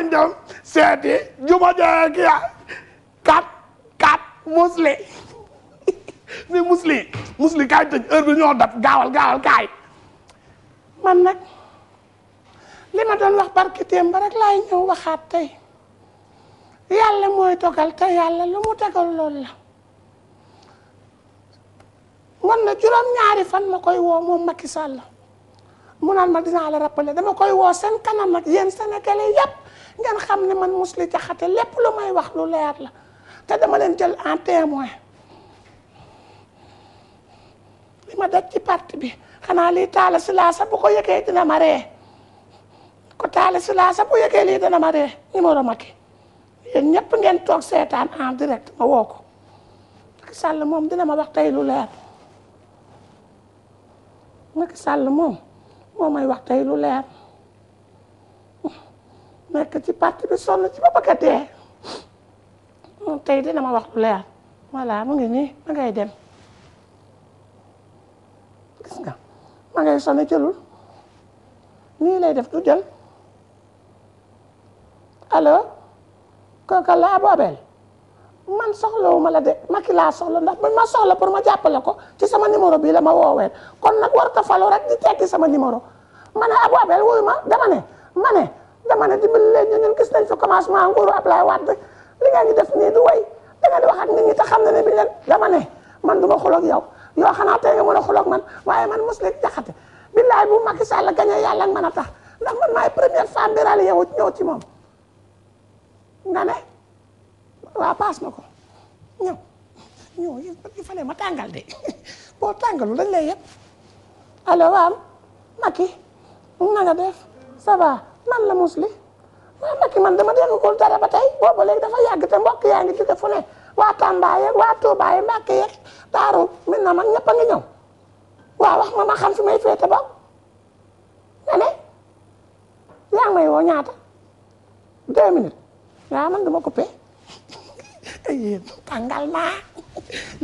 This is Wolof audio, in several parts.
lañ dem seeti juma jooyee ki yaa kat kat musli ni musli musli kaay tëj heure bi ñoo dab gaawal gaawal kaay man nag li ma doon wax barki téem ba rek laay ñëw waxaat tey yàlla mooy dogal te yàlla lu mu dogal loolu la man na juróom ñaari fan ma koy woo moom Macky Sall la mu naan ma dinaa la rappeler dama koy woo seen nag yen yéen sénégalais yépp ngeen xam ne man Mously Diakhaté lépp lu may wax lu leer la te dama leen jël en témoin li ma daj ci parti bi xanaa lii taala si laa sa bu ko yëgee dina ma ree ko taala si laa sa bu yëgee lii dina ma ree numéro Macky yéen ñëpp ngeen toog seetaan en direct ma woo ko Macky Sall moom dina ma wax tey lu leer Macky Sall moom moo may wax tey lu leer nekk ci parti bi sonn ci ba bëgg a dee moom tey dina ma wax lu leer voilà mu ngi nii ma ngay dem gis nga ma ngay sonn jëlul nii lay def du jël allo kooka laa boobeel man soxlawuma la de Macky laa soxla ndax man ma soxla pour ma jàppale ko ci sama numéro bii la ma kon nag war ta falo rek di tekki sama numéro ma ne Abou Abel wuyu ma dama ma ne dama ne dimbali leen ñu ñun gis nañ fi commencement nguuru Ablaye Wade li nga def nii du way da ak nit ñi te xam na ne bi dama man du ma xuloog yow yoo xanaa tey nga a xuloog man waaye man mos leen jaxate billaay bu Macky Sall gañee yàlla ak man a tax ndax man maay première femme bi rali ñëw ci moom nga ne waaw paas ma ko ñëw ñëw il fallait ma tàngal de boo tàngalu dañ lay yëpp allo waaw Macky na nga def man la musli waaw Macky dama déggagul dara ba tey boobu léegi dafa yàgg te mbokk yaa ngi jóge fu waa Tamba waa Touba yeeg Mbacké Daaru min na mag ñëpp a ngi ñëw waaw wax ma ma xam fi may féete ba nga yaa may woo ñaata deux minutes waaw man dama coupé yéen tàngal naa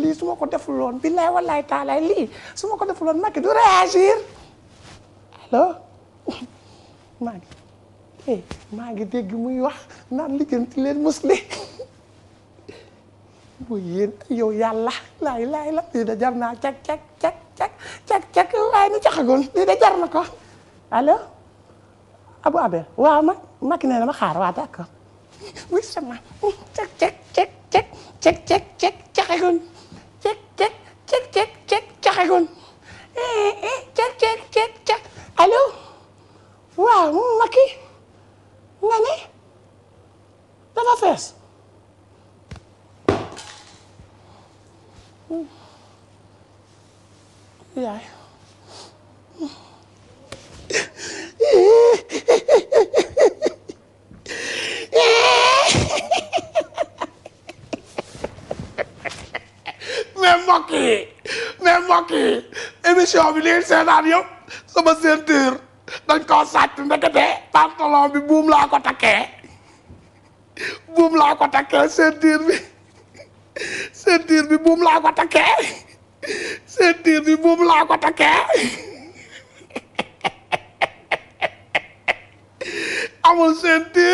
lii su ko defuloon billaay wallaay taalaay lii su ko defuloon Macky du réagir allo eh, maa ngi dégg muy wax naan lijjanti leen musli bu yéen yow yàlla laay laay lii da jar naa cak cak cak cak cak waaye ni caxagoon lii da jar ko allo Abou Abel waaw ma Macky nee ma xaar waa d'accord oui sama cak cak cak cek cek cek caxagun cek cek cek cek cek cek cek cek cek allo waaw Macky nga ne dafa fees yaay mbokk yi mais mbokk yi émission bi liy seetaan yëpp sama ceinture dañ koo sàcc ndekete pantalon bi buum laa ko takkee buum laa ko takkee ceinture bi ceinture bi buum laa ko takkee ceinture bi buum laa ko takkee amul ceinture